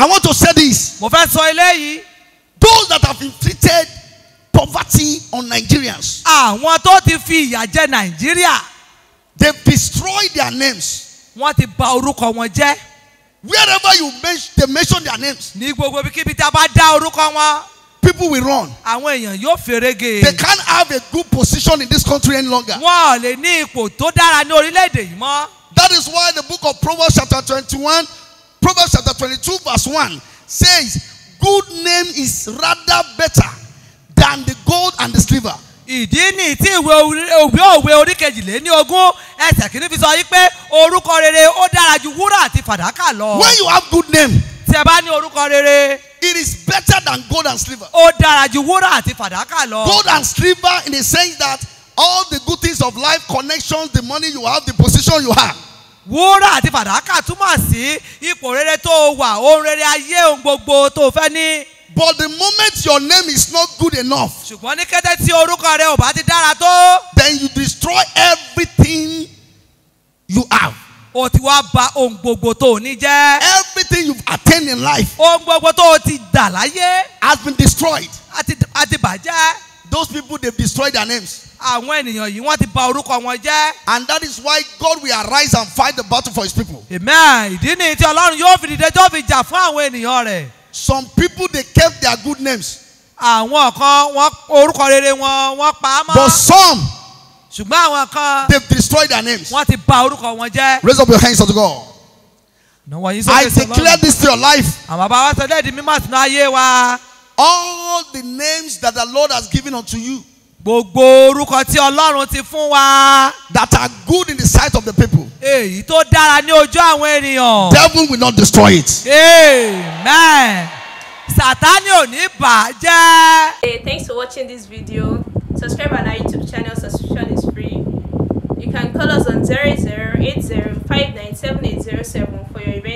I want to say this. Mo fẹ́ sọ eléyìí. Those that have inflicted poverty on Nigerians. Àwọn tó ti fi ìyà jẹ Nàìjíríà. They destroy their names. Wọ́n ti bà orúkọ wọn jẹ́. Wherever you mention they mention their names. Ní gbogbo ibikíbi tí a bá dá orúkọ wọn. People will run. Àwọn èèyàn yóò fèrègè. They can't have a good position in this country any longer. Wọ́n lè ní ipò tó dára ní orílẹ̀-èdè yìí mọ́. That is why the book of Proverbs chapter twenty-one Proverbs chapter 22, verse 1 says, Good name is rather better than the gold and the silver. Ìdí ni tí ìwé òwe òwe oríkejìlé ní ogún ẹsẹ̀ kìíní fi sọ yí pé orúkọ rere ó dára ju wúrà àti fàdákà lọ. When you have good name. Tí ẹ bá ní orúkọ rere. It is better than gold and silver. Ó dára ju wúrà àti fàdákà lọ. Gold and silver in the sense that all the good things of life, connections, the money you have, the position you have wúrà àti fàdákà túmọ̀ sí ipò rere tó o wà ohun rere ayé ohun gbogbo tó fẹ́ ní. But the moment your name is not good enough. ṣùgbọ́n ní kété tí orúkọ rẹ ò bá ti dára tó. Then you destroy everything you have. O ti wá bà ohun gbogbo tó ní jẹ́. Everything you've attained in life. Ohun gbogbo tó o ti dà láyé. Has been destroyed. Àti àti bàjẹ́. Those people they've destroyed their names àwọn ènìyàn yìí wọ́n ti bà orúkọ wọn jẹ́. and that is why God will arise and fight the battle for his people. amen ìdí nìyí tí ọlọ́run yóò fi dìde tó fi jà fún àwọn ènìyàn rẹ̀. some people they kept their good names. àwọn kan wọn orúkọ rere wọn wọn pa á mọ́. but some. ṣùgbọ́n àwọn kan. they destroyed their names. wọ́n ti bà orúkọ wọn jẹ́. raise up your hands unto God. I declare this to your life. àwọn bàbá wa sọ lẹ́ẹ̀dì mímọ́ sínú ayé wa. all the names that the Lord has given unto you. Gbogbo orúkọ tí Ọlọ́run ti fún wa. That are good in the sight of the people. Èyí tó dára ní ojú àwọn ènìyàn. Devil will not destroy it. Amen. Sátánì ò ní bà Hey, thanks for watching this video. Subscribe on our YouTube channel. Subscription is free. You can call us on zero zero zero zero eight eight five nine seven seven for your event.